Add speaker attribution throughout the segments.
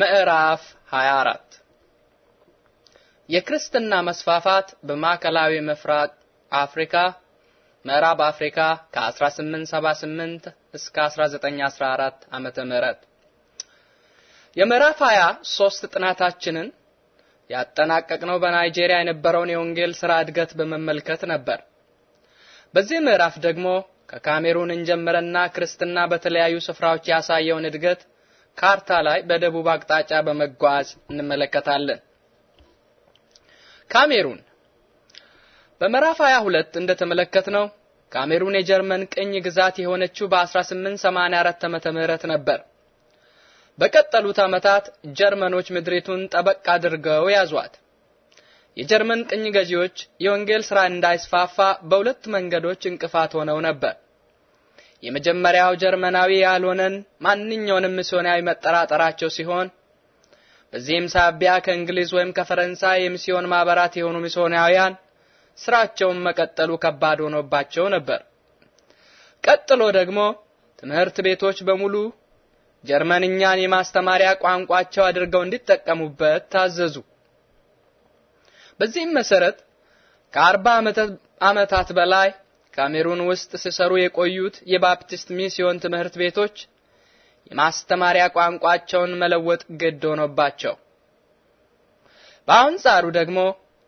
Speaker 1: ምዕራፍ 24 የክርስትና መስፋፋት በማዕከላዊ ምፍራቅ አፍሪካ ምዕራብ አፍሪካ ከ1878 እስከ 1914 ዓመተ ምህረት የምዕራፍ 23 ጥናታችንን ያጠናቀቅነው በናይጄሪያ የነበረውን የወንጌል ስራ እድገት በመመልከት ነበር። በዚህ ምዕራፍ ደግሞ ከካሜሩን እንጀምረና ክርስትና በተለያዩ ስፍራዎች ያሳየውን እድገት ካርታ ላይ በደቡብ አቅጣጫ በመጓዝ እንመለከታለን። ካሜሩን በምዕራፍ 22 እንደተመለከትነው ካሜሩን የጀርመን ቅኝ ግዛት የሆነችው በ1884 ዓመተ ምህረት ነበር። በቀጠሉት ዓመታት ጀርመኖች ምድሪቱን ጠበቅ አድርገው ያዟት። የጀርመን ቅኝ ገዢዎች የወንጌል ሥራ እንዳይስፋፋ በሁለት መንገዶች እንቅፋት ሆነው ነበር። የመጀመሪያው ጀርመናዊ ያልሆነን ማንኛውንም ሚስዮናዊ መጠራጠራቸው ሲሆን በዚህም ሳቢያ ከእንግሊዝ ወይም ከፈረንሳይ የሚስዮን ማህበራት የሆኑ ሚስዮናውያን ስራቸውን መቀጠሉ ከባድ ሆኖባቸው ነበር። ቀጥሎ ደግሞ ትምህርት ቤቶች በሙሉ ጀርመንኛን የማስተማሪያ ቋንቋቸው አድርገው እንዲጠቀሙበት ታዘዙ። በዚህም መሰረት ከአርባ ዓመታት በላይ ካሜሩን ውስጥ ሲሰሩ የቆዩት የባፕቲስት ሚስዮን ትምህርት ቤቶች የማስተማሪያ ቋንቋቸውን መለወጥ ግድ ሆኖባቸው፣ በአንጻሩ ደግሞ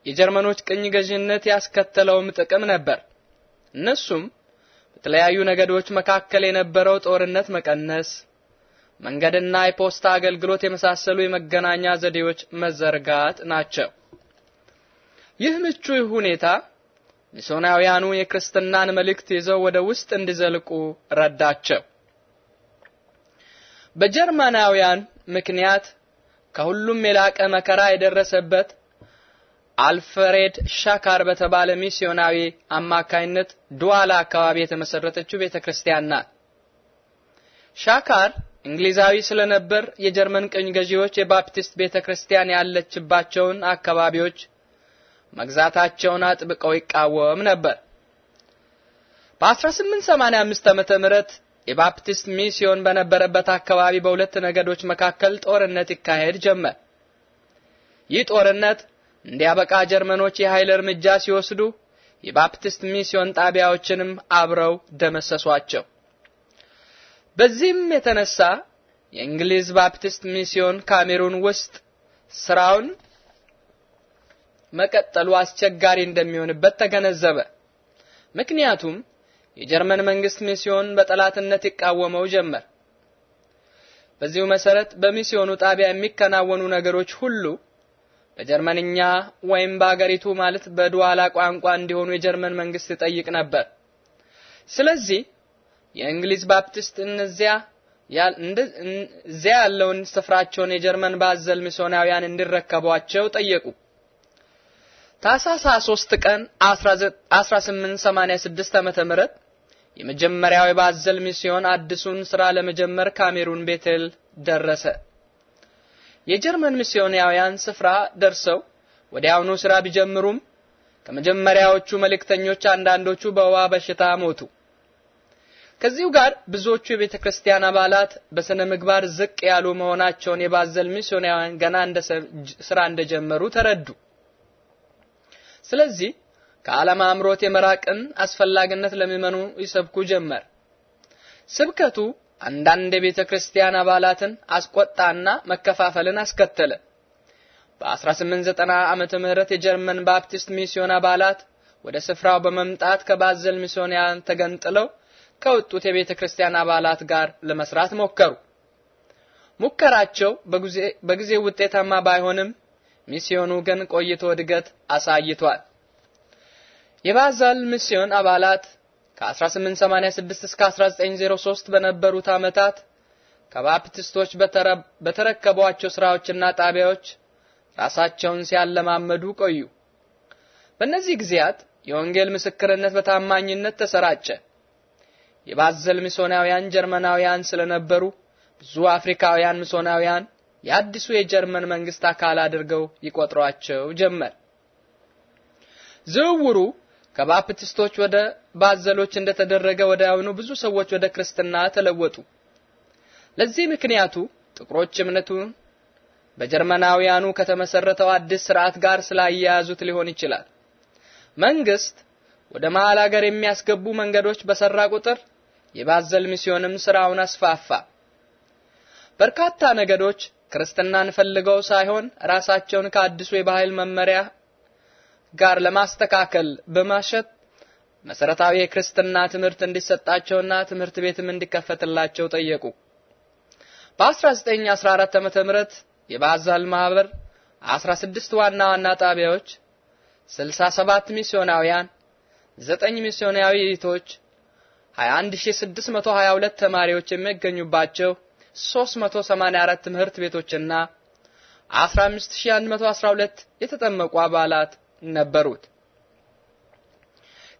Speaker 1: የጀርመኖች ቅኝ ገዥነት ያስከተለውም ጥቅም ነበር። እነሱም በተለያዩ ነገዶች መካከል የነበረው ጦርነት መቀነስ፣ መንገድና የፖስታ አገልግሎት የመሳሰሉ የመገናኛ ዘዴዎች መዘርጋት ናቸው። ይህ ምቹ ሁኔታ ሚስዮናውያኑ የክርስትናን መልእክት ይዘው ወደ ውስጥ እንዲዘልቁ ረዳቸው። በጀርመናውያን ምክንያት ከሁሉም የላቀ መከራ የደረሰበት አልፍሬድ ሻካር በተባለ ሚስዮናዊ አማካይነት ዱዋላ አካባቢ የተመሰረተችው ቤተክርስቲያን ናት። ሻካር እንግሊዛዊ ስለነበር የጀርመን ቅኝ ገዢዎች የባፕቲስት ቤተክርስቲያን ያለችባቸውን አካባቢዎች መግዛታቸውን አጥብቀው ይቃወም ነበር። በ1885 ዓመተ ምህረት የባፕቲስት ሚስዮን በነበረበት አካባቢ በሁለት ነገዶች መካከል ጦርነት ይካሄድ ጀመር። ይህ ጦርነት እንዲያበቃ ጀርመኖች የኃይል እርምጃ ሲወስዱ የባፕቲስት ሚስዮን ጣቢያዎችንም አብረው ደመሰሷቸው። በዚህም የተነሳ የእንግሊዝ ባፕቲስት ሚስዮን ካሜሩን ውስጥ ስራውን መቀጠሉ አስቸጋሪ እንደሚሆንበት ተገነዘበ። ምክንያቱም የጀርመን መንግስት ሚስዮን በጠላትነት ይቃወመው ጀመር። በዚሁ መሰረት በሚስዮኑ ጣቢያ የሚከናወኑ ነገሮች ሁሉ በጀርመንኛ ወይም በአገሪቱ ማለት በድዋላ ቋንቋ እንዲሆኑ የጀርመን መንግስት ይጠይቅ ነበር። ስለዚህ የእንግሊዝ ባፕቲስት እነዚያ እዚያ ያለውን ስፍራቸውን የጀርመን ባዘል ሚስዮናውያን እንዲረከቧቸው ጠየቁ። ታሳሳ 3 ቀን 1886 ዓመተ ምህረት የመጀመሪያው የባዘል ሚስዮን አዲሱን ስራ ለመጀመር ካሜሩን ቤቴል ደረሰ። የጀርመን ሚስዮናውያን ስፍራ ደርሰው ወዲያውኑ ስራ ቢጀምሩም ከመጀመሪያዎቹ መልእክተኞች አንዳንዶቹ በውሃ በሽታ ሞቱ። ከዚሁ ጋር ብዙዎቹ የቤተ ክርስቲያን አባላት በስነ ምግባር ዝቅ ያሉ መሆናቸውን የባዘል ሚስዮናውያን ገና እንደ ስራ እንደጀመሩ ተረዱ። ስለዚህ ከዓለም አምሮት የመራቅን አስፈላጊነት ለሚመኑ ይሰብኩ ጀመር። ስብከቱ አንዳንድ የቤተ ክርስቲያን አባላትን አስቆጣና መከፋፈልን አስከተለ። በ1890 ዓመተ ምህረት የጀርመን ባፕቲስት ሚስዮን አባላት ወደ ስፍራው በመምጣት ከባዘል ሚስዮናውያን ተገንጥለው ከወጡት የቤተ ክርስቲያን አባላት ጋር ለመስራት ሞከሩ። ሙከራቸው በጊዜ ውጤታማ ባይሆንም ሚስዮኑ ግን ቆይቶ እድገት አሳይቷል። የባዛል ሚስዮን አባላት ከ1886 እስከ 1903 በነበሩት ዓመታት ከባፕቲስቶች በተረከቧቸው ስራዎችና ጣቢያዎች ራሳቸውን ሲያለማመዱ ቆዩ። በእነዚህ ጊዜያት የወንጌል ምስክርነት በታማኝነት ተሰራጨ። የባዘል ሚሶናውያን ጀርመናውያን ስለነበሩ ብዙ አፍሪካውያን ሚሶናውያን የአዲሱ የጀርመን መንግስት አካል አድርገው ይቆጥሯቸው ጀመር። ዝውውሩ ከባፕቲስቶች ወደ ባዘሎች እንደተደረገ ወዲያውኑ ብዙ ሰዎች ወደ ክርስትና ተለወጡ። ለዚህ ምክንያቱ ጥቁሮች እምነቱን በጀርመናውያኑ ከተመሰረተው አዲስ ስርዓት ጋር ስላያያዙት ሊሆን ይችላል። መንግስት ወደ መሃል አገር የሚያስገቡ መንገዶች በሰራ ቁጥር የባዘል ሚስዮንም ስራውን አስፋፋ። በርካታ ነገዶች ክርስትናን ፈልገው ሳይሆን ራሳቸውን ከአዲሱ የባህል መመሪያ ጋር ለማስተካከል በማሸት መሰረታዊ የክርስትና ትምህርት እንዲሰጣቸውና ትምህርት ቤትም እንዲከፈትላቸው ጠየቁ። በ1914 ዓመተ ምህረት የባዛል ማህበር 16 ዋና ዋና ጣቢያዎች፣ 67 ሚስዮናውያን፣ 9 ሚስዮናዊ እህቶች፣ 21622 ተማሪዎች የሚገኙባቸው 384 ትምህርት ቤቶችና 15112 የተጠመቁ አባላት ነበሩት።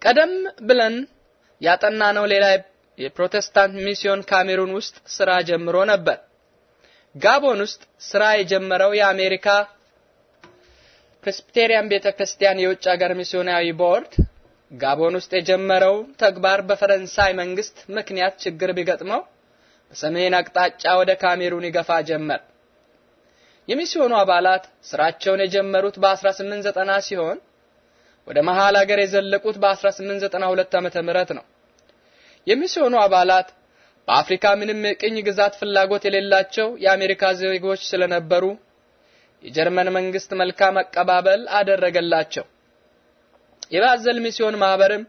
Speaker 1: ቀደም ብለን ያጠናነው ሌላ የፕሮቴስታንት ሚስዮን ካሜሩን ውስጥ ስራ ጀምሮ ነበር። ጋቦን ውስጥ ስራ የጀመረው የአሜሪካ ፕሬስቢቴሪያን ቤተክርስቲያን የውጭ ሀገር ሚስዮናዊ ቦርድ ጋቦን ውስጥ የጀመረው ተግባር በፈረንሳይ መንግስት ምክንያት ችግር ቢገጥመው በሰሜን አቅጣጫ ወደ ካሜሩን ይገፋ ጀመር። የሚስዮኑ አባላት ስራቸውን የጀመሩት በ1890 ሲሆን ወደ መሃል ሀገር የዘለቁት በ1892 ዓመተ ምህረት ነው። የሚስዮኑ አባላት በአፍሪካ ምንም የቅኝ ግዛት ፍላጎት የሌላቸው የአሜሪካ ዜጎች ስለነበሩ የጀርመን መንግስት መልካም አቀባበል አደረገላቸው። የባዘል ሚስዮን ማህበርም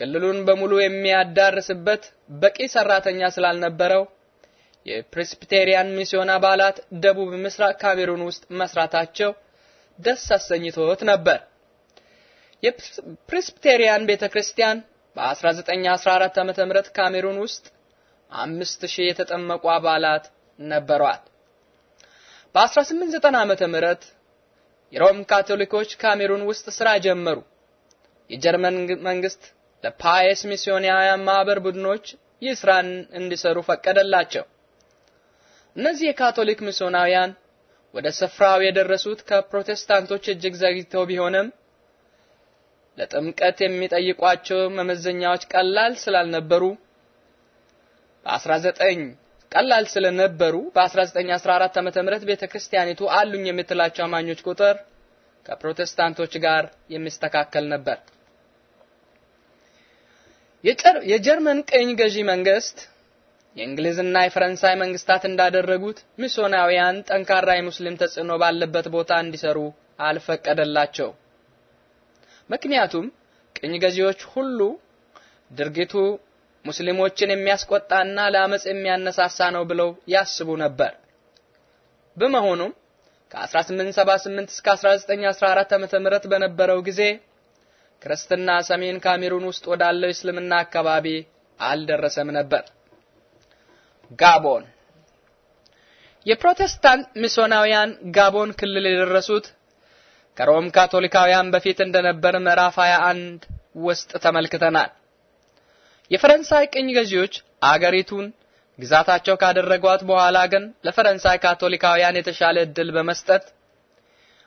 Speaker 1: ክልሉን በሙሉ የሚያዳርስበት በቂ ሰራተኛ ስላልነበረው የፕሬስቢቴሪያን ሚስዮን አባላት ደቡብ ምስራቅ ካሜሩን ውስጥ መስራታቸው ደስ አሰኝቶት ነበር። የፕሬስቢቴሪያን ቤተክርስቲያን በ1914 ዓመተ ምህረት ካሜሩን ውስጥ አምስት ሺህ የተጠመቁ አባላት ነበሯት። በ1890 ዓመተ ምህረት የሮም ካቶሊኮች ካሜሩን ውስጥ ስራ ጀመሩ። የጀርመን መንግስት ለፓየስ ሚስዮናውያን ማህበር ቡድኖች ይህ እንዲሰሩ ፈቀደላቸው። እነዚህ የካቶሊክ ሚስዮናውያን ወደ ስፍራው የደረሱት ከፕሮቴስታንቶች እጅግ ዘግይተው ቢሆንም ለጥምቀት የሚጠይቋቸው መመዘኛዎች ቀላል ስላልነበሩ በ19 ቀላል ስለነበሩ በ1914 ዓመተ ምህረት ቤተክርስቲያኒቱ አሉኝ የምትላቸው አማኞች ቁጥር ከፕሮቴስታንቶች ጋር የሚስተካከል ነበር። የጀርመን ቅኝ ገዢ መንግስት የእንግሊዝና የፈረንሳይ መንግስታት እንዳደረጉት ሚስዮናውያን ጠንካራ የሙስሊም ተጽዕኖ ባለበት ቦታ እንዲሰሩ አልፈቀደላቸው። ምክንያቱም ቅኝ ገዢዎች ሁሉ ድርጊቱ ሙስሊሞችን የሚያስቆጣና ለአመጽ የሚያነሳሳ ነው ብለው ያስቡ ነበር። በመሆኑም ከ1878 እስከ 1914 ዓ.ም በነበረው ጊዜ ክርስትና ሰሜን ካሜሩን ውስጥ ወዳለው እስልምና አካባቢ አልደረሰም ነበር። ጋቦን የፕሮቴስታንት ሚስዮናውያን ጋቦን ክልል የደረሱት ከሮም ካቶሊካውያን በፊት እንደነበር ምዕራፍ 21 ውስጥ ተመልክተናል። የፈረንሳይ ቅኝ ገዢዎች አገሪቱን ግዛታቸው ካደረጓት በኋላ ግን ለፈረንሳይ ካቶሊካውያን የተሻለ እድል በመስጠት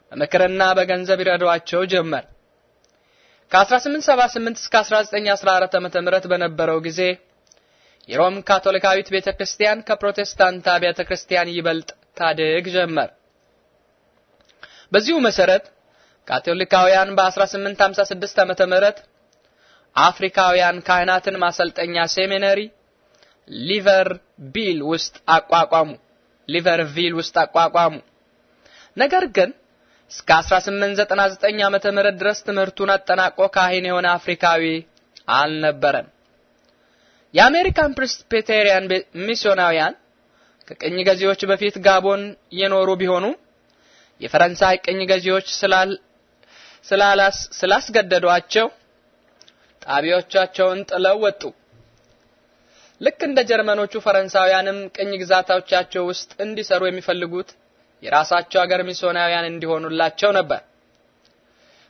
Speaker 1: በምክርና በገንዘብ ይረዷቸው ጀመር። ከ1878 እስከ 1914 ዓ.ም በነበረው ጊዜ የሮም ካቶሊካዊት ቤተክርስቲያን ከፕሮቴስታንት አብያተ ክርስቲያን ይበልጥ ታድግ ጀመር። በዚሁ መሰረት ካቶሊካውያን በ1856 ዓመተ ምህረት አፍሪካውያን ካህናትን ማሰልጠኛ ሴሚነሪ ቢል ውስጥ አቋቋሙ ሊቨርቪል ውስጥ አቋቋሙ። ነገር ግን እስከ 1899 ዓመተ ምህረት ድረስ ትምህርቱን አጠናቆ ካህን የሆነ አፍሪካዊ አልነበረም። የአሜሪካን ፕሬስቢቴሪያን ሚስዮናውያን ከቅኝ ገዢዎች በፊት ጋቦን የኖሩ ቢሆኑም የፈረንሳይ ቅኝ ገዢዎች ስላላስ ስላስገደዷቸው ጣቢያዎቻቸውን ጥለው ወጡ። ልክ እንደ ጀርመኖቹ ፈረንሳውያንም ቅኝ ግዛታዎቻቸው ውስጥ እንዲሰሩ የሚፈልጉት የራሳቸው ሀገር ሚስዮናውያን እንዲሆኑላቸው ነበር።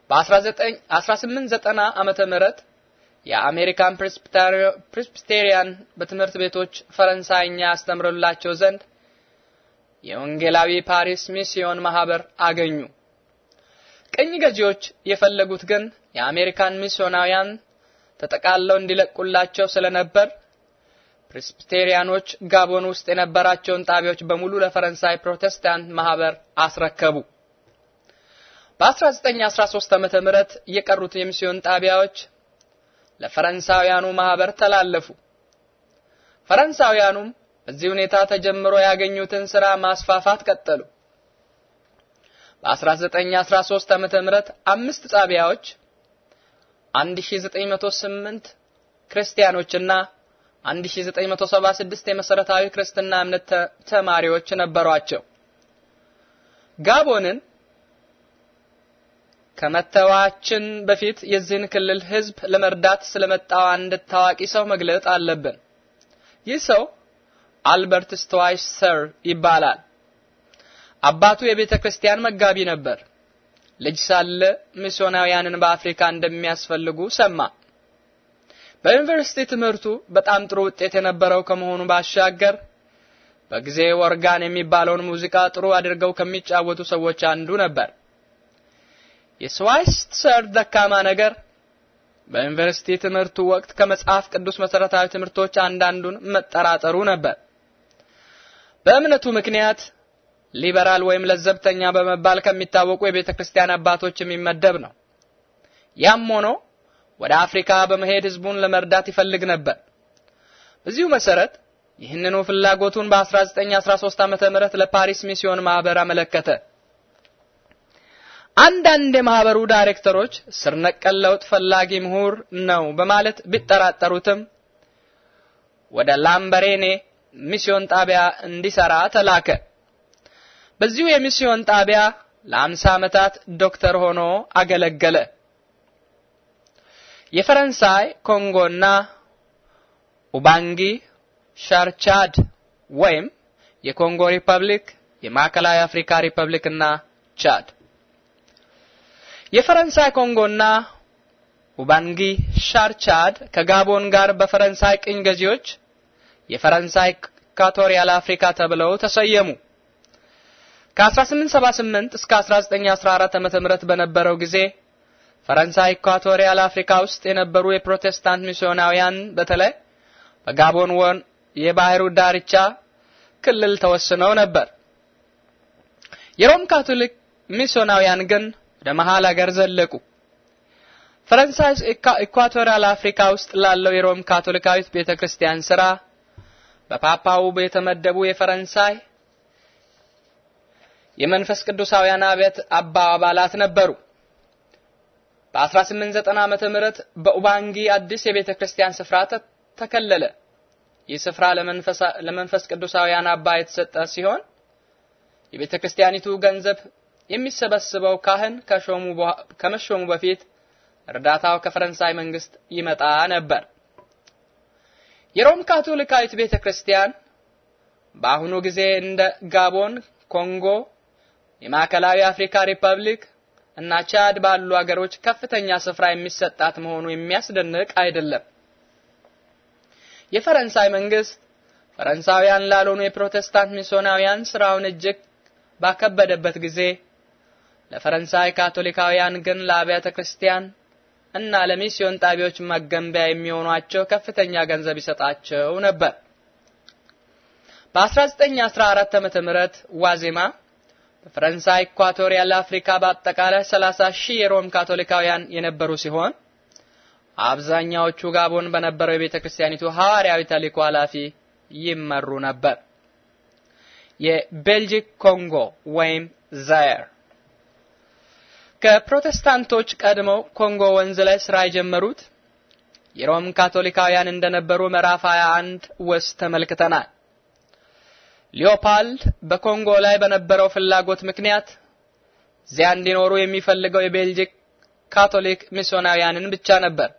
Speaker 1: በ1890 ዓመተ ምህረት የአሜሪካን ፕሬስቢቴሪያን በትምህርት ቤቶች ፈረንሳይኛ ያስተምሩላቸው ዘንድ የወንጌላዊ ፓሪስ ሚስዮን ማህበር አገኙ። ቅኝ ገዢዎች የፈለጉት ግን የአሜሪካን ሚስዮናውያን ተጠቃለው እንዲለቁላቸው ስለነበር ፕሬስቢቴሪያኖች ጋቦን ውስጥ የነበራቸውን ጣቢያዎች በሙሉ ለፈረንሳይ ፕሮቴስታንት ማህበር አስረከቡ። በ1913 ዓመተ ምህረት የቀሩት የሚስዮን ጣቢያዎች ለፈረንሳውያኑ ማህበር ተላለፉ። ፈረንሳውያኑም በዚህ ሁኔታ ተጀምሮ ያገኙትን ስራ ማስፋፋት ቀጠሉ። በ1913 ዓመተ ምህረት አምስት ጣቢያዎች 1908 ክርስቲያኖችና 1976 የመሰረታዊ ክርስትና እምነት ተማሪዎች ነበሯቸው። ጋቦንን ከመተዋችን በፊት የዚህን ክልል ህዝብ ለመርዳት ስለመጣው አንድ ታዋቂ ሰው መግለጥ አለብን። ይህ ሰው አልበርት ሰር ይባላል። አባቱ የቤተ ክርስቲያን መጋቢ ነበር። ልጅ ሳለ ሚስዮናውያንን በአፍሪካ እንደሚያስፈልጉ ሰማ። በዩኒቨርሲቲ ትምህርቱ በጣም ጥሩ ውጤት የነበረው ከመሆኑ ባሻገር በጊዜው ኦርጋን የሚባለውን ሙዚቃ ጥሩ አድርገው ከሚጫወቱ ሰዎች አንዱ ነበር። የስዋይትሰር ደካማ ነገር በዩኒቨርሲቲ ትምህርቱ ወቅት ከመጽሐፍ ቅዱስ መሰረታዊ ትምህርቶች አንዳንዱን መጠራጠሩ ነበር። በእምነቱ ምክንያት ሊበራል ወይም ለዘብተኛ በመባል ከሚታወቁ የቤተ ክርስቲያን አባቶች የሚመደብ ነው። ያም ሆኖ ወደ አፍሪካ በመሄድ ህዝቡን ለመርዳት ይፈልግ ነበር። በዚሁ መሰረት ይህንኑ ፍላጎቱን በ1913 ዓመተ ምህረት ለፓሪስ ሚስዮን ማህበር አመለከተ። አንዳንድ የማህበሩ ዳይሬክተሮች ስር ነቀል ለውጥ ፈላጊ ምሁር ነው በማለት ቢጠራጠሩትም ወደ ላምበሬኔ ሚስዮን ጣቢያ እንዲሰራ ተላከ። በዚሁ የሚስዮን ጣቢያ ለአምሳ ዓመታት ዶክተር ሆኖ አገለገለ። የፈረንሳይ ኮንጎና ኡባንጊ ሻርቻድ ወይም የኮንጎ ሪፐብሊክ፣ የማዕከላዊ አፍሪካ ሪፐብሊክ እና ቻድ። የፈረንሳይ ኮንጎና ኡባንጊ ሻርቻድ ከጋቦን ጋር በፈረንሳይ ቅኝ ገዢዎች የፈረንሳይ ኢኳቶሪያል አፍሪካ ተብለው ተሰየሙ። ከ1878 እስከ 1914 ዓ.ም በነበረው ጊዜ ፈረንሳይ ኢኳቶሪያል አፍሪካ ውስጥ የነበሩ የፕሮቴስታንት ሚስዮናውያን በተለይ በጋቦን ወን የባህሩ ዳርቻ ክልል ተወስነው ነበር። የሮም ካቶሊክ ሚስዮናውያን ግን ወደ መሃል አገር ዘለቁ። ፈረንሳይ ኢኳቶሪያል አፍሪካ ውስጥ ላለው የሮም ካቶሊካዊት ቤተክርስቲያን ስራ በፓፓው የተመደቡ የፈረንሳይ የመንፈስ ቅዱሳውያን አብያት አባ አባላት ነበሩ። በ1890 ዓመተ ምህረት በኡባንጊ አዲስ የቤተ ክርስቲያን ስፍራ ተከለለ። ይህ ስፍራ ለመንፈስ ቅዱሳውያን አባ የተሰጠ ሲሆን የቤተ ክርስቲያኒቱ ገንዘብ የሚሰበስበው ካህን ከመሾሙ በፊት እርዳታው ከፈረንሳይ መንግስት ይመጣ ነበር። የሮም ካቶሊካዊት ቤተ ክርስቲያን በአሁኑ ጊዜ እንደ ጋቦን፣ ኮንጎ፣ የማዕከላዊ አፍሪካ ሪፐብሊክ እና ቻድ ባሉ አገሮች ከፍተኛ ስፍራ የሚሰጣት መሆኑ የሚያስደንቅ አይደለም። የፈረንሳይ መንግስት ፈረንሳውያን ላልሆኑ የፕሮቴስታንት ሚስዮናውያን ስራውን እጅግ ባከበደበት ጊዜ ለፈረንሳይ ካቶሊካውያን ግን ለአብያተ ክርስቲያን እና ለሚስዮን ጣቢያዎች መገንቢያ የሚሆኗቸው ከፍተኛ ገንዘብ ይሰጣቸው ነበር። በ1914 ዓም ምህረት ዋዜማ በፈረንሳይ ኢኳቶሪያል አፍሪካ በአጠቃላይ 30 ሺህ የሮም ካቶሊካውያን የነበሩ ሲሆን አብዛኛዎቹ ጋቦን በነበረው የቤተ ክርስቲያኒቱ ሐዋርያዊ ተልእኮ ኃላፊ ይመሩ ነበር። የቤልጂክ ኮንጎ ወይም ዛየር ከፕሮቴስታንቶች ቀድመው ኮንጎ ወንዝ ላይ ስራ የጀመሩት የሮም ካቶሊካውያን እንደነበሩ ምዕራፍ 21 ውስጥ ተመልክተናል። ሊዮፓልድ በኮንጎ ላይ በነበረው ፍላጎት ምክንያት እዚያ እንዲኖሩ የሚፈልገው የቤልጂክ ካቶሊክ ሚስዮናውያንን ብቻ ነበር።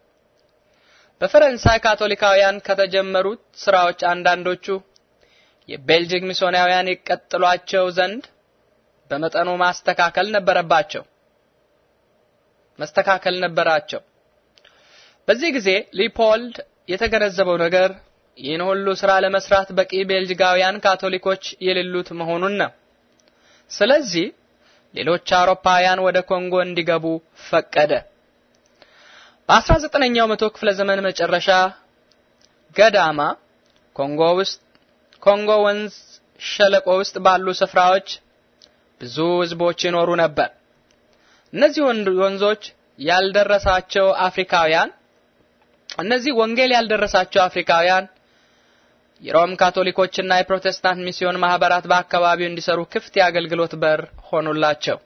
Speaker 1: በፈረንሳይ ካቶሊካውያን ከተጀመሩት ስራዎች አንዳንዶቹ የቤልጂክ ሚስዮናውያን ይቀጥሏቸው ዘንድ በመጠኑ ማስተካከል ነበረባቸው መስተካከል ነበራቸው። በዚህ ጊዜ ሊፖልድ የተገነዘበው ነገር ይህን ሁሉ ሥራ ለመስራት በቂ ቤልጅጋውያን ካቶሊኮች የሌሉት መሆኑን ነው። ስለዚህ ሌሎች አውሮፓውያን ወደ ኮንጎ እንዲገቡ ፈቀደ። በ19ኛው መቶ ክፍለ ዘመን መጨረሻ ገዳማ ኮንጎ ውስጥ ኮንጎ ወንዝ ሸለቆ ውስጥ ባሉ ስፍራዎች ብዙ ህዝቦች ይኖሩ ነበር። እነዚህ ወንዞች ያልደረሳቸው አፍሪካውያን እነዚህ ወንጌል ያልደረሳቸው አፍሪካውያን የሮም ካቶሊኮችና የፕሮቴስታንት ሚስዮን ማህበራት በአካባቢው እንዲሰሩ ክፍት የአገልግሎት በር ሆኑላቸው።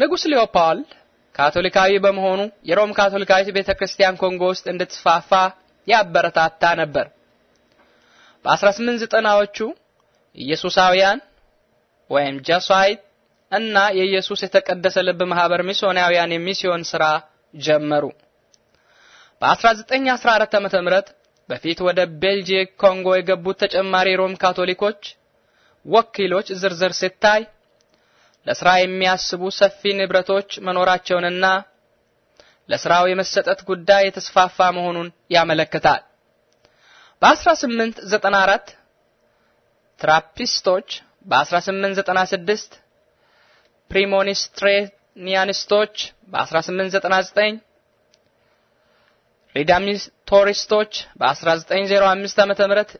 Speaker 1: ንጉሥ ሌኦፖልድ ካቶሊካዊ በመሆኑ የሮም ካቶሊካዊት ቤተክርስቲያን ኮንጎ ውስጥ እንድትስፋፋ ያበረታታ ነበር። በ1890ዎቹ ኢየሱሳውያን ወይም ጃሳይት እና የኢየሱስ የተቀደሰ ልብ ማህበር ሚስዮናውያን የሚስዮን ስራ ጀመሩ። በ1914 ዓመተ በፊት ወደ ቤልጂክ ኮንጎ የገቡት ተጨማሪ ሮም ካቶሊኮች ወኪሎች ዝርዝር ሲታይ ለስራ የሚያስቡ ሰፊ ንብረቶች መኖራቸውንና ለስራው የመሰጠት ጉዳይ የተስፋፋ መሆኑን ያመለክታል። በ1894 ትራፒስቶች፣ በ1896 ፕሪሞኒስትሬኒያኒስቶች፣ በ1899 ቶሪስቶች በ1905 ዓም ምህረት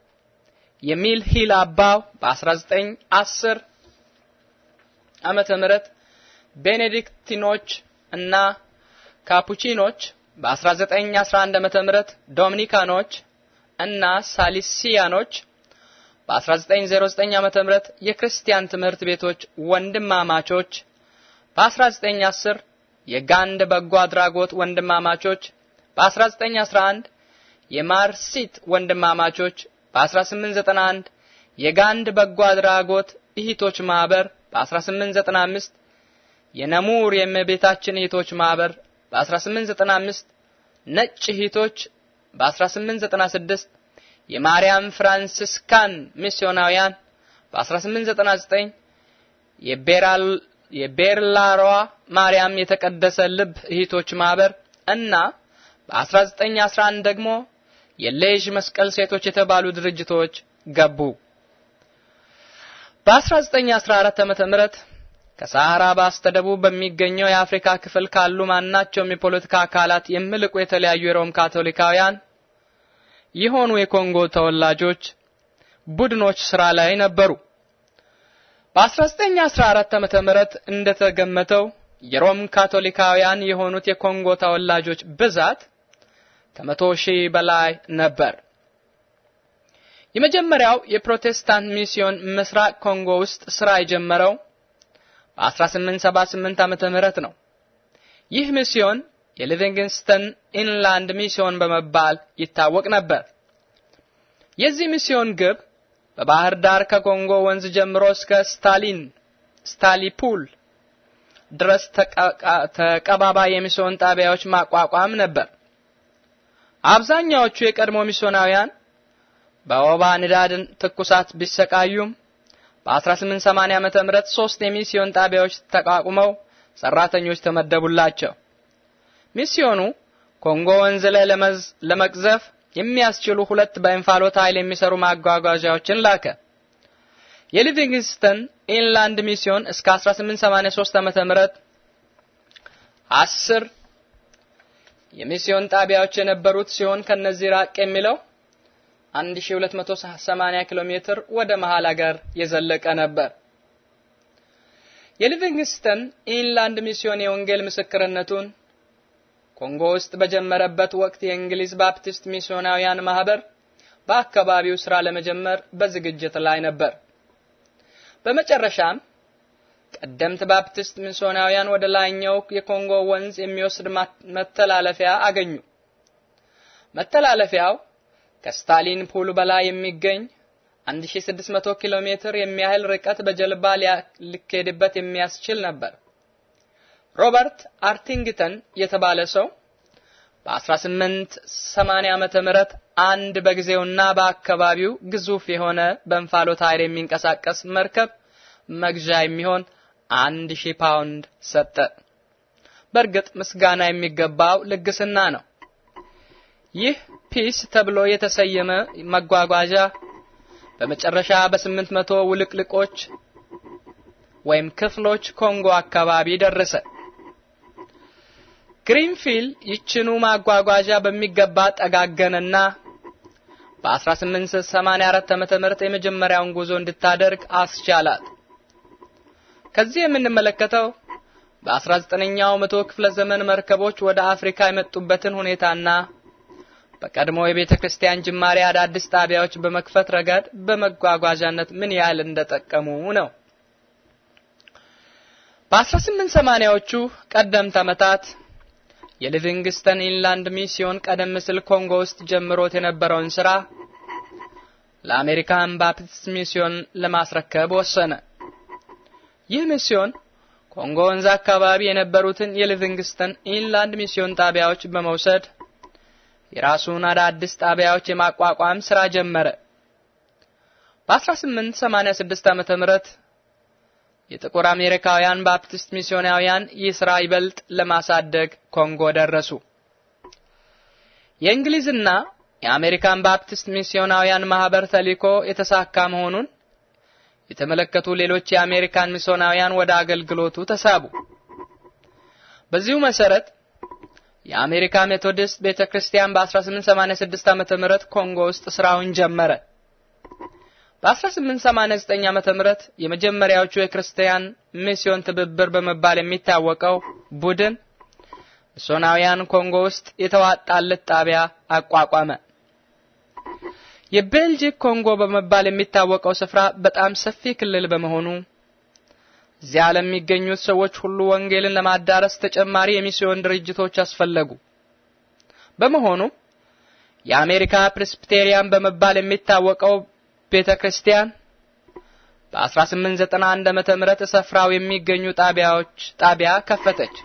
Speaker 1: የሚል ሂል አባው በ1910 ዓመተ ምህረት ቤኔዲክቲኖች እና ካፑቺኖች በ1911 ዓመተ ምህረት ዶሚኒካኖች እና ሳሊሲያኖች በ1909 ዓመተ ምህረት የክርስቲያን ትምህርት ቤቶች ወንድማማቾች በ1910 የጋንድ በጎ አድራጎት ወንድማማቾች በ1911 የማርሲት ወንድማማቾች በ1891 የጋንድ በጎ አድራጎት እህቶች ማህበር በ1895 የነሙር የእመቤታችን እህቶች ማህበር በ1895 ነጭ እህቶች በ1896 የማርያም ፍራንሲስካን ሚስዮናውያን በ1899 የቤራል የቤርላሯ ማርያም የተቀደሰ ልብ እህቶች ማህበር እና በ1911 ደግሞ የሌዥ መስቀል ሴቶች የተባሉ ድርጅቶች ገቡ። በ1914 ዓመተ ምህረት ከሳሃራ በስተደቡብ በሚገኘው የአፍሪካ ክፍል ካሉ ማናቸውም የፖለቲካ አካላት የሚልቁ የተለያዩ የሮም ካቶሊካውያን የሆኑ የኮንጎ ተወላጆች ቡድኖች ስራ ላይ ነበሩ። በ1914 ዓመተ ምህረት እንደተገመተው የሮም ካቶሊካውያን የሆኑት የኮንጎ ተወላጆች ብዛት ከመቶ ሺህ በላይ ነበር። የመጀመሪያው የፕሮቴስታንት ሚስዮን ምስራቅ ኮንጎ ውስጥ ስራ የጀመረው በ1878 ዓመተ ምህረት ነው። ይህ ሚስዮን የሊቪንግስተን ኢንላንድ ሚስዮን በመባል ይታወቅ ነበር። የዚህ ሚስዮን ግብ በባህር ዳር ከኮንጎ ወንዝ ጀምሮ እስከ ስታሊን ስታሊፑል ድረስ ተቀባባይ የሚስዮን ጣቢያዎች ማቋቋም ነበር። አብዛኛዎቹ የቀድሞ ሚስዮናውያን በወባ ንዳድን ትኩሳት ቢሰቃዩም በ1880 ዓመተ ምህረት ሶስት የሚስዮን ጣቢያዎች ተቋቁመው ሰራተኞች ተመደቡላቸው። ሚስዮኑ ኮንጎ ወንዝ ላይ ለመቅዘፍ የሚያስችሉ ሁለት በእንፋሎት ኃይል የሚሰሩ ማጓጓዣዎችን ላከ። የሊቪንግስተን ኢንላንድ ሚስዮን እስከ 1883 ዓመተ ምህረት 10 የሚስዮን ጣቢያዎች የነበሩት ሲሆን ከነዚህ ራቅ የሚለው 1280 ኪሎ ሜትር ወደ መሃል ሀገር የዘለቀ ነበር። የሊቪንግስተን ኢንላንድ ሚስዮን የወንጌል ምስክርነቱን ኮንጎ ውስጥ በጀመረበት ወቅት የእንግሊዝ ባፕቲስት ሚስዮናውያን ማህበር በአካባቢው ስራ ለመጀመር በዝግጅት ላይ ነበር። በመጨረሻም ቀደምት ባፕቲስት ሚስዮናውያን ወደ ላይኛው የኮንጎ ወንዝ የሚወስድ መተላለፊያ አገኙ። መተላለፊያው ከስታሊን ፑል በላይ የሚገኝ 1600 ኪሎ ሜትር የሚያህል ርቀት በጀልባ ሊኬድበት የሚያስችል ነበር። ሮበርት አርቲንግተን የተባለ ሰው በ1880 ዓመተ ምህረት አንድ በጊዜውና በአካባቢው ግዙፍ የሆነ በእንፋሎት ኃይል የሚንቀሳቀስ መርከብ መግዣ የሚሆን አንድ ሺህ ፓውንድ ሰጠ። በእርግጥ ምስጋና የሚገባው ልግስና ነው። ይህ ፒስ ተብሎ የተሰየመ መጓጓዣ በመጨረሻ በ መቶ ውልቅልቆች ወይም ክፍሎች ኮንጎ አካባቢ ደረሰ። ግሪንፊል ይችኑ ማጓጓዣ በሚገባ ጠጋገነና በ1884 ዓ.ም የመጀመሪያውን ጉዞ እንድታደርግ አስቻላት። ከዚህ የምንመለከተው በ19ኛው መቶ ክፍለ ዘመን መርከቦች ወደ አፍሪካ የመጡበትን ሁኔታና በቀድሞ የቤተ ክርስቲያን ጅማሬ አዳዲስ ጣቢያዎች በመክፈት ረገድ በመጓጓዣነት ምን ያህል እንደጠቀሙ ነው። በ1880ዎቹ ቀደምት ዓመታት የሊቪንግስተን ኢንላንድ ሚስዮን ቀደም ሲል ኮንጎ ውስጥ ጀምሮት የነበረውን ስራ ለአሜሪካን ባፕቲስት ሚስዮን ለማስረከብ ወሰነ። ይህ ሚስዮን ኮንጎ ወንዝ አካባቢ የነበሩትን የሊቪንግስተን ኢንላንድ ሚስዮን ጣቢያዎች በመውሰድ የራሱን አዳዲስ ጣቢያዎች የማቋቋም ስራ ጀመረ። በ1886 ዓመተ ምህረት የጥቁር አሜሪካውያን ባፕቲስት ሚስዮናውያን ይህ ስራ ይበልጥ ለማሳደግ ኮንጎ ደረሱ። የእንግሊዝና የአሜሪካን ባፕቲስት ሚስዮናውያን ማህበር ተልዕኮ የተሳካ መሆኑን የተመለከቱ ሌሎች የአሜሪካን ሚስዮናውያን ወደ አገልግሎቱ ተሳቡ። በዚሁ መሰረት የአሜሪካ ሜቶዲስት ቤተክርስቲያን በ1886 ዓ ም ኮንጎ ውስጥ ስራውን ጀመረ። በ1889 ዓ ም የመጀመሪያዎቹ የክርስቲያን ሚስዮን ትብብር በመባል የሚታወቀው ቡድን ሚስዮናውያን ኮንጎ ውስጥ የተዋጣለት ጣቢያ አቋቋመ። የቤልጂክ ኮንጎ በመባል የሚታወቀው ስፍራ በጣም ሰፊ ክልል በመሆኑ እዚያ ለሚገኙት ሰዎች ሁሉ ወንጌልን ለማዳረስ ተጨማሪ የሚስዮን ድርጅቶች አስፈለጉ። በመሆኑ የአሜሪካ ፕሬስቢቴሪያን በመባል የሚታወቀው ቤተክርስቲያን በ1891 ዓመተ ምህረት ስፍራው የሚገኙ ጣቢያዎች ጣቢያ ከፈተች።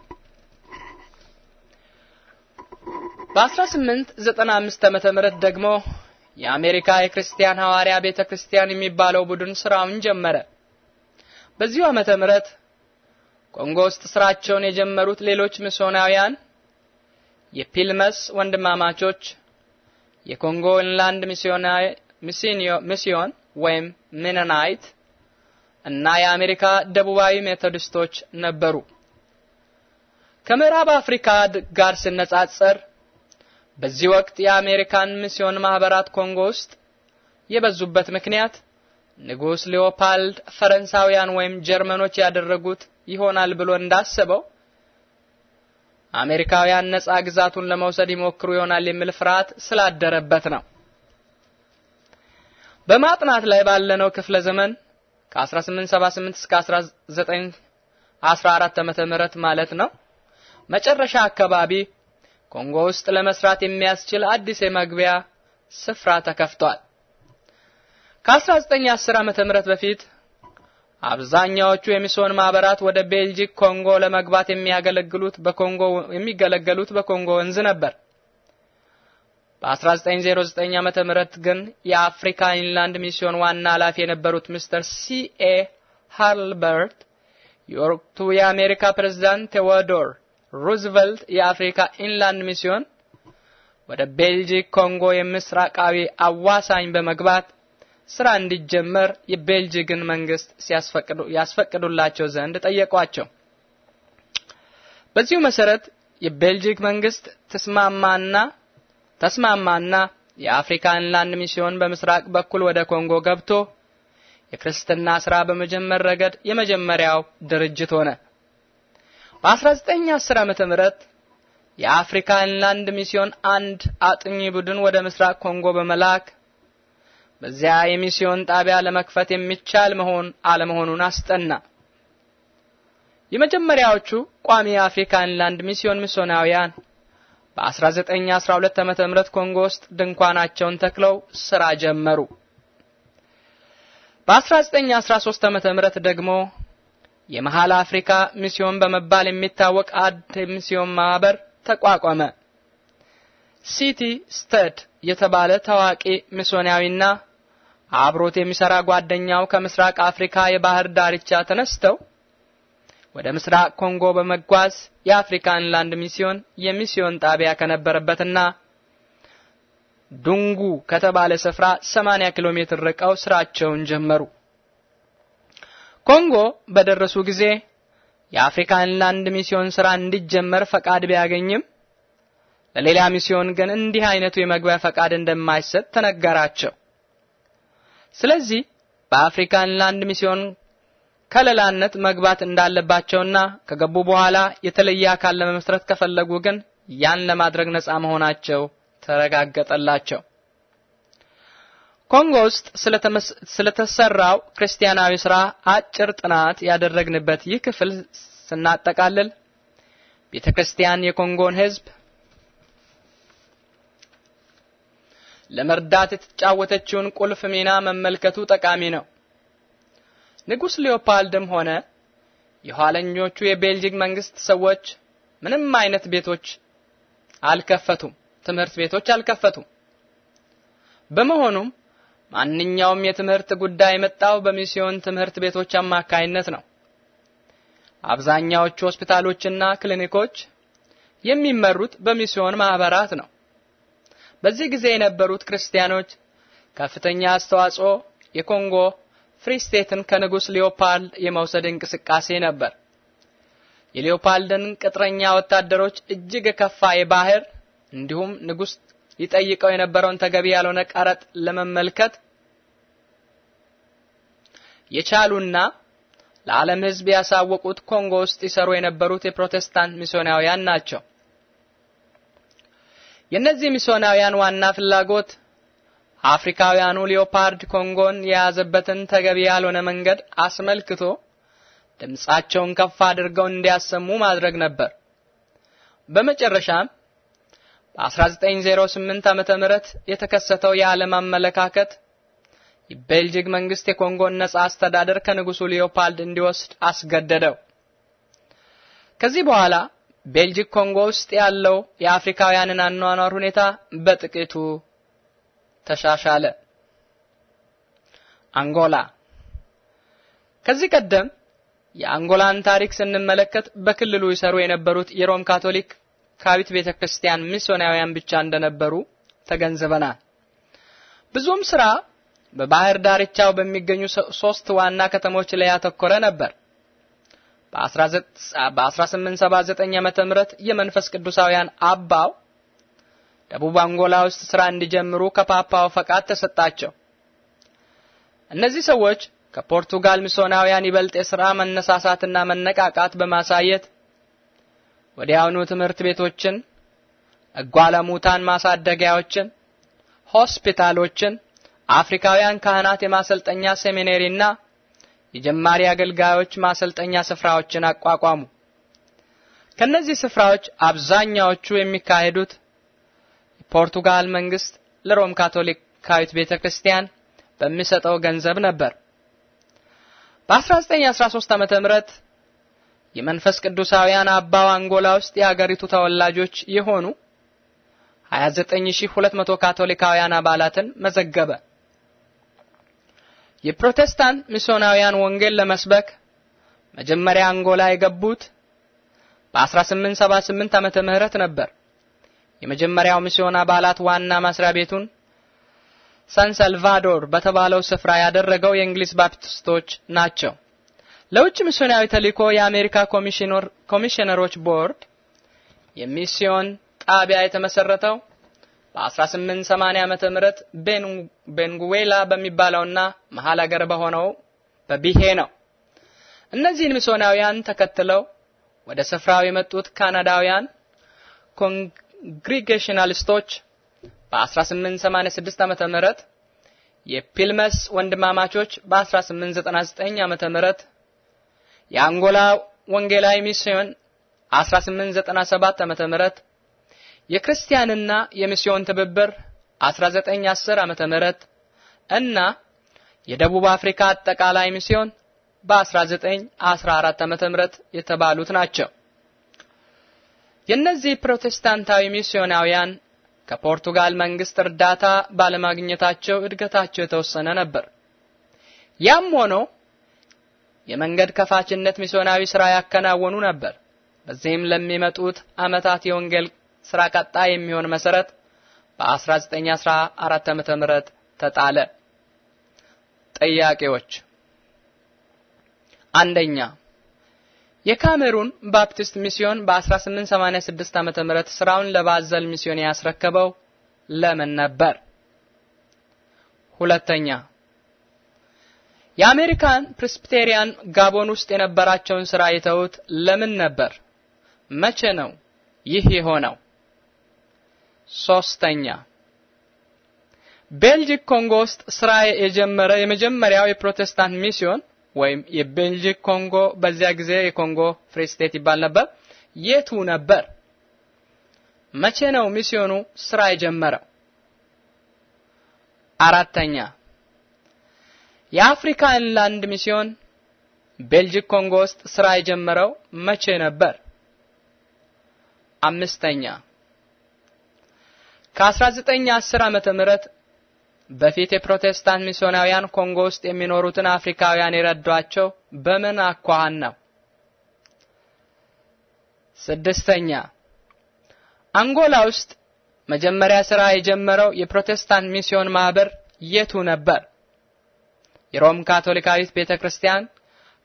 Speaker 1: በ1895 ዓመተ ምህረት ደግሞ የአሜሪካ የክርስቲያን ሐዋርያ ቤተ ክርስቲያን የሚባለው ቡድን ስራውን ጀመረ። በዚሁ ዓመተ ምህረት ኮንጎ ውስጥ ስራቸውን የጀመሩት ሌሎች ሚስዮናውያን የፒልመስ ወንድማማቾች የኮንጎ ኢንላንድ ሚስዮን ወይም ሚነናይት እና የአሜሪካ ደቡባዊ ሜቶዲስቶች ነበሩ። ከምዕራብ አፍሪካ ጋር ሲነጻጸር በዚህ ወቅት የአሜሪካን ሚስዮን ማህበራት ኮንጎ ውስጥ የበዙበት ምክንያት ንጉስ ሊዮፓልድ ፈረንሳውያን ወይም ጀርመኖች ያደረጉት ይሆናል ብሎ እንዳሰበው አሜሪካውያን ነጻ ግዛቱን ለመውሰድ ይሞክሩ ይሆናል የሚል ፍርሃት ስላደረበት ነው። በማጥናት ላይ ባለነው ክፍለ ዘመን ከ1878 እስከ 1914 ዓመተ ምህረት ማለት ነው መጨረሻ አካባቢ ኮንጎ ውስጥ ለመስራት የሚያስችል አዲስ የመግቢያ ስፍራ ተከፍቷል። ከ1910 ዓመተ ምህረት በፊት አብዛኛዎቹ የሚስዮን ማህበራት ወደ ቤልጂክ ኮንጎ ለመግባት የሚያገለግሉት በኮንጎ የሚገለገሉት በኮንጎ ወንዝ ነበር። በ1909 ዓመተ ምህረት ግን የአፍሪካ ኢንላንድ ሚስዮን ዋና ኃላፊ የነበሩት ሚስተር ሲኤ ሃርልበርት የወቅቱ የአሜሪካ ፕሬዝዳንት ቴዎዶር ሩዝቨልት የአፍሪካ ኢንላንድ ሚስዮን ወደ ቤልጂክ ኮንጎ የምስራቃዊ አዋሳኝ በመግባት ስራ እንዲጀመር የቤልጂክን መንግስት ሲያስፈቅዱ ያስፈቅዱላቸው ዘንድ ጠየቋቸው። በዚሁ መሰረት የቤልጂክ መንግስት ተስማማና ተስማማና የአፍሪካ ኢንላንድ ሚስዮን በምስራቅ በኩል ወደ ኮንጎ ገብቶ የክርስትና ስራ በመጀመር ረገድ የመጀመሪያው ድርጅት ሆነ። በ1910 ዓመተ ምህረት የአፍሪካ ኢንላንድ ሚስዮን አንድ አጥኚ ቡድን ወደ ምስራቅ ኮንጎ በመላክ በዚያ የሚስዮን ጣቢያ ለመክፈት የሚቻል መሆን አለመሆኑን አስጠና። የመጀመሪያዎቹ ቋሚ የአፍሪካ ኢንላንድ ሚስዮን ሚስዮናውያን በ1912 ዓመተ ምህረት ኮንጎ ውስጥ ድንኳናቸውን ተክለው ስራ ጀመሩ። በ1913 ዓመተ ምህረት ደግሞ የመሃል አፍሪካ ሚስዮን በመባል የሚታወቅ አንድ ሚስዮን ማህበር ተቋቋመ። ሲቲ ስተድ የተባለ ታዋቂ ሚስዮናዊና አብሮት የሚሰራ ጓደኛው ከምስራቅ አፍሪካ የባህር ዳርቻ ተነስተው ወደ ምስራቅ ኮንጎ በመጓዝ የአፍሪካን ላንድ ሚስዮን የሚስዮን ጣቢያ ከነበረበትና ዱንጉ ከተባለ ስፍራ 80 ኪሎ ሜትር ርቀው ስራቸውን ጀመሩ። ኮንጎ በደረሱ ጊዜ የአፍሪካ ላንድ ሚስዮን ስራ እንዲጀመር ፈቃድ ቢያገኝም ለሌላ ሚስዮን ግን እንዲህ አይነቱ የመግቢያ ፈቃድ እንደማይሰጥ ተነገራቸው። ስለዚህ በአፍሪካ ላንድ ሚስዮን ከለላነት መግባት እንዳለባቸውና ከገቡ በኋላ የተለየ አካል ለመመስረት ከፈለጉ ግን ያን ለማድረግ ነፃ መሆናቸው ተረጋገጠላቸው። ኮንጎ ውስጥ ስለተሰራው ክርስቲያናዊ ሥራ አጭር ጥናት ያደረግንበት ይህ ክፍል ስናጠቃልል ቤተ ክርስቲያን የኮንጎን ሕዝብ ለመርዳት የተጫወተችውን ቁልፍ ሚና መመልከቱ ጠቃሚ ነው። ንጉሥ ሊዮፓልድም ሆነ የኋለኞቹ የቤልጂክ መንግስት ሰዎች ምንም አይነት ቤቶች አልከፈቱም፣ ትምህርት ቤቶች አልከፈቱም። በመሆኑም ማንኛውም የትምህርት ጉዳይ የመጣው በሚስዮን ትምህርት ቤቶች አማካይነት ነው። አብዛኛዎቹ ሆስፒታሎችና ክሊኒኮች የሚመሩት በሚስዮን ማህበራት ነው። በዚህ ጊዜ የነበሩት ክርስቲያኖች ከፍተኛ አስተዋጽኦ የኮንጎ ፍሪ ስቴትን ከንጉስ ሊዮፓልድ የመውሰድ እንቅስቃሴ ነበር። የሊዮፓልድን ቅጥረኛ ወታደሮች እጅግ የከፋ የባህር እንዲሁም ንጉስ ይጠይቀው የነበረውን ተገቢ ያልሆነ ቀረጥ ለመመልከት የቻሉና ለዓለም ሕዝብ ያሳወቁት ኮንጎ ውስጥ ይሰሩ የነበሩት የፕሮቴስታንት ሚስዮናውያን ናቸው። የእነዚህ ሚስዮናውያን ዋና ፍላጎት አፍሪካውያኑ ሊዮፓርድ ኮንጎን የያዘበትን ተገቢ ያልሆነ መንገድ አስመልክቶ ድምጻቸውን ከፍ አድርገው እንዲያሰሙ ማድረግ ነበር። በመጨረሻም በ1908 ዓመተ ምህረት የተከሰተው የዓለም አመለካከት የቤልጅግ መንግስት የኮንጎን ነጻ አስተዳደር ከንጉሱ ሊዮፓልድ እንዲወስድ አስገደደው። ከዚህ በኋላ ቤልጅግ ኮንጎ ውስጥ ያለው የአፍሪካውያንን አኗኗር ሁኔታ በጥቂቱ ተሻሻለ። አንጎላ ከዚህ ቀደም የአንጎላን ታሪክ ስንመለከት በክልሉ ይሰሩ የነበሩት የሮም ካቶሊክ ካቢት ቤተ ክርስቲያን ሚስዮናውያን ብቻ እንደነበሩ ተገንዝበናል። ብዙም ስራ በባህር ዳርቻው በሚገኙ ሶስት ዋና ከተሞች ላይ ያተኮረ ነበር። በ1879 ዓመተ ምህረት የመንፈስ ቅዱሳውያን አባው ደቡብ አንጎላ ውስጥ ስራ እንዲጀምሩ ከፓፓው ፈቃድ ተሰጣቸው። እነዚህ ሰዎች ከፖርቱጋል ሚስዮናውያን ይበልጥ የስራ መነሳሳትና መነቃቃት በማሳየት ወዲያውኑ ትምህርት ቤቶችን፣ እጓለሙታን ማሳደጊያዎችን፣ ሆስፒታሎችን፣ አፍሪካውያን ካህናት የማሰልጠኛ ሴሚኔሪና የጀማሪ አገልጋዮች ማሰልጠኛ ስፍራዎችን አቋቋሙ። ከነዚህ ስፍራዎች አብዛኛዎቹ የሚካሄዱት የፖርቱጋል መንግስት ለሮም ካቶሊካዊት ቤተክርስቲያን በሚሰጠው ገንዘብ ነበር። በ1913 ዓ.ም የመንፈስ ቅዱሳውያን አባው አንጎላ ውስጥ የሀገሪቱ ተወላጆች የሆኑ 29200 ካቶሊካውያን አባላትን መዘገበ። የፕሮቴስታንት ሚስዮናውያን ወንጌል ለመስበክ መጀመሪያ አንጎላ የገቡት በ1878 ዓመተ ምህረት ነበር። የመጀመሪያው ሚስዮን አባላት ዋና መስሪያ ቤቱን ሳን ሳልቫዶር በተባለው ስፍራ ያደረገው የእንግሊዝ ባፕቲስቶች ናቸው። ለውጭ ሚስዮናዊ ተልእኮ የአሜሪካ ኮሚሽነር ኮሚሽነሮች ቦርድ የሚስዮን ጣቢያ የተመሰረተው በ1880 ዓመተ ምህረት ቤንጉዌላ በሚባለውና መሃል አገር በሆነው በቢሄ ነው። እነዚህን ሚስዮናውያን ተከትለው ወደ ስፍራው የመጡት ካናዳውያን ኮንግሪጌሽናሊስቶች በ1886 ዓመተ ምህረት የፒልመስ ወንድማማቾች በ1899 ዓመተ ምህረት የአንጎላ ወንጌላዊ ሚስዮን 1897 ዓመተ ምህረት የክርስቲያንና የሚስዮን ትብብር 1910 ዓ.ም ምህረት እና የደቡብ አፍሪካ አጠቃላይ ሚስዮን በ1914 ዓ.ም ምህረት የተባሉት ናቸው። የእነዚህ ፕሮቴስታንታዊ ሚስዮናውያን ከፖርቱጋል መንግስት እርዳታ ባለማግኘታቸው እድገታቸው የተወሰነ ነበር። ያም ሆኖ የመንገድ ከፋችነት ሚስዮናዊ ስራ ያከናወኑ ነበር። በዚህም ለሚመጡት አመታት የወንጌል ስራ ቀጣይ የሚሆን መሰረት በ1914 ዓመተ ምህረት ተጣለ። ጥያቄዎች፣ አንደኛ የካሜሩን ባፕቲስት ሚስዮን በ1886 ዓመተ ምህረት ስራውን ለባዘል ሚስዮን ያስረከበው ለምን ነበር? ሁለተኛ የአሜሪካን ፕሬስቢቴሪያን ጋቦን ውስጥ የነበራቸውን ስራ የተውት ለምን ነበር? መቼ ነው ይህ የሆነው? ሶስተኛ ቤልጂክ ኮንጎ ውስጥ ስራ የጀመረ የመጀመሪያው የፕሮቴስታንት ሚስዮን ወይም የቤልጂክ ኮንጎ በዚያ ጊዜ የኮንጎ ፍሪ ስቴት ይባል ነበር የቱ ነበር? መቼ ነው ሚስዮኑ ስራ የጀመረው? አራተኛ የአፍሪካ ኢንላንድ ሚስዮን ቤልጂክ ኮንጎ ውስጥ ስራ የጀመረው መቼ ነበር? አምስተኛ ከ1910 ዓመተ ምህረት በፊት የፕሮቴስታንት ሚስዮናውያን ኮንጎ ውስጥ የሚኖሩትን አፍሪካውያን የረዷቸው በምን አኳኋን ነው? ስድስተኛ አንጎላ ውስጥ መጀመሪያ ስራ የጀመረው የፕሮቴስታንት ሚስዮን ማህበር የቱ ነበር? የሮም ካቶሊካዊት ቤተክርስቲያን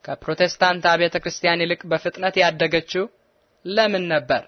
Speaker 1: ከፕሮቴስታንት ክርስቲያን ይልቅ በፍጥነት ያደገችው ለምን ነበር?